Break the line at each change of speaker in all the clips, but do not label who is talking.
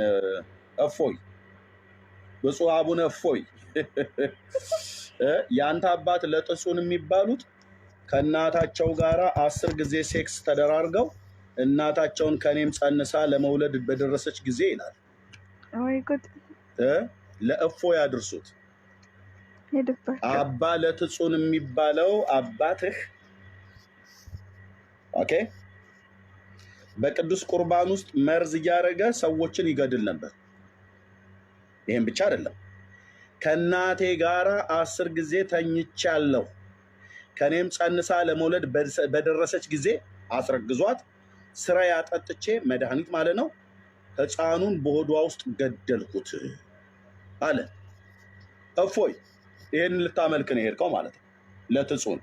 ማን እፎይ ብፁዕ አቡነ እፎይ የአንተ አባት ለጥሱን የሚባሉት ከእናታቸው ጋር አስር ጊዜ ሴክስ ተደራርገው እናታቸውን ከኔም ጸንሳ ለመውለድ በደረሰች ጊዜ ይላል። ለእፎይ ያድርሱት አባ ለትጹን የሚባለው አባትህ ኦኬ በቅዱስ ቁርባን ውስጥ መርዝ እያደረገ ሰዎችን ይገድል ነበር። ይህም ብቻ አይደለም። ከእናቴ ጋር አስር ጊዜ ተኝቻለሁ፣ ከእኔም ጸንሳ ለመውለድ በደረሰች ጊዜ አስረግዟት ስራ ያጠጥቼ መድኃኒት ማለት ነው ህፃኑን በሆዷ ውስጥ ገደልኩት አለ። እፎይ ይህን ልታመልክ ነው የሄድከው ማለት ነው። ለትጹን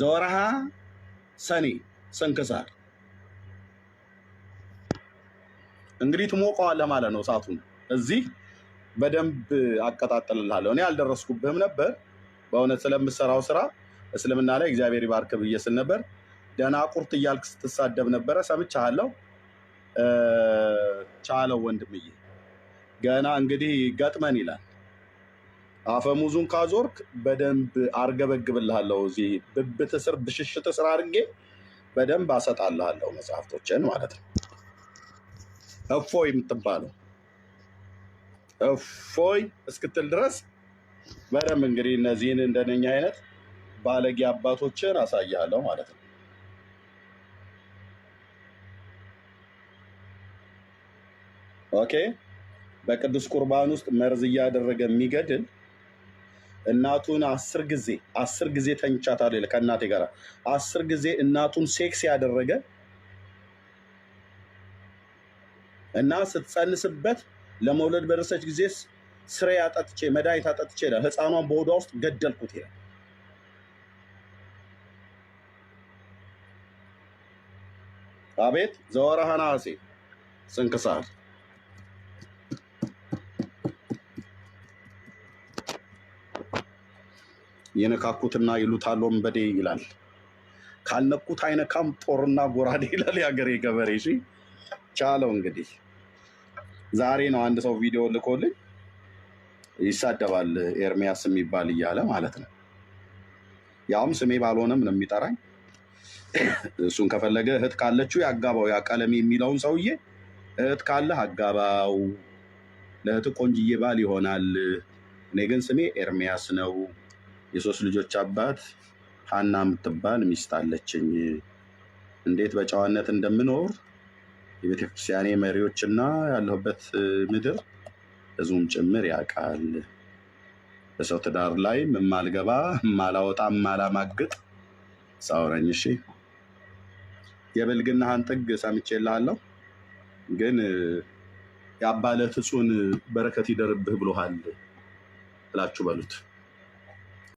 ዘወርሃ ሰኔ ስንክሳር እንግዲህ ትሞቀዋለህ ማለት ነው እሳቱን። እዚህ በደንብ አቀጣጥልልሃለሁ። እኔ አልደረስኩብህም ነበር በእውነት ስለምሰራው ስራ እስልምና ላይ እግዚአብሔር ይባርክ ብዬ ስል ነበር። ደናቁርት እያልክ ስትሳደብ ነበረ ሰምቻለሁ። ቻለው ወንድምዬ፣ ገና እንግዲህ ገጥመን ይላል። አፈሙዙን ካዞርክ በደንብ አርገበግብልሃለሁ። እዚህ ብብት ስር ብሽሽት ስር አድርጌ በደንብ አሰጣልሃለሁ መጽሐፍቶችን ማለት ነው። እፎይ የምትባለው እፎይ እስክትል ድረስ በደንብ እንግዲህ እነዚህን እንደነኛ አይነት ባለጌ አባቶችን አሳያለሁ ማለት ነው። ኦኬ። በቅዱስ ቁርባን ውስጥ መርዝ እያደረገ የሚገድል እናቱን አስር ጊዜ አስር ጊዜ ተኝቻታለሁ ከእናቴ ጋር አስር ጊዜ እናቱን ሴክስ ያደረገ እና ስትጸንስበት ለመውለድ በደረሰች ጊዜ ስሬ አጠጥቼ መድኃኒት አጠጥቼ ይላል። ህፃኗን በሆዷ ውስጥ ገደልኩት ይላል። አቤት ዘወርኀ ነሐሴ ስንክሳር የነካኩትና ይሉታል ወንበዴ ይላል። ካልነኩት አይነካም ጦርና ጎራዴ ይላል የሀገሬ ገበሬ። እሺ ቻለው እንግዲህ ዛሬ ነው አንድ ሰው ቪዲዮ ልኮልኝ ይሳደባል፣ ኤርሚያስ የሚባል እያለ ማለት ነው። ያውም ስሜ ባልሆነም ነው የሚጠራኝ። እሱን ከፈለገ እህት ካለችው ያጋባው። ያ የሚለውን ሰውዬ እህት ካለህ አጋባው፣ ለእህት ቆንጅዬ ባል ይሆናል። እኔ ግን ስሜ ኤርሚያስ ነው። የሶስት ልጆች አባት ሀና የምትባል ሚስት አለችኝ። እንዴት በጨዋነት እንደምኖር የቤተክርስቲያኔ መሪዎችና ያለሁበት ምድር ህዝቡም ጭምር ያውቃል። በሰው ትዳር ላይ የማልገባ ማላወጣ ማላማግጥ ሳውረኝ። እሺ የብልግናህን ጥግ ሰምቼልሃለሁ፣ ግን የአባለት እጹን በረከት ይደርብህ ብሎሃል ብላችሁ በሉት።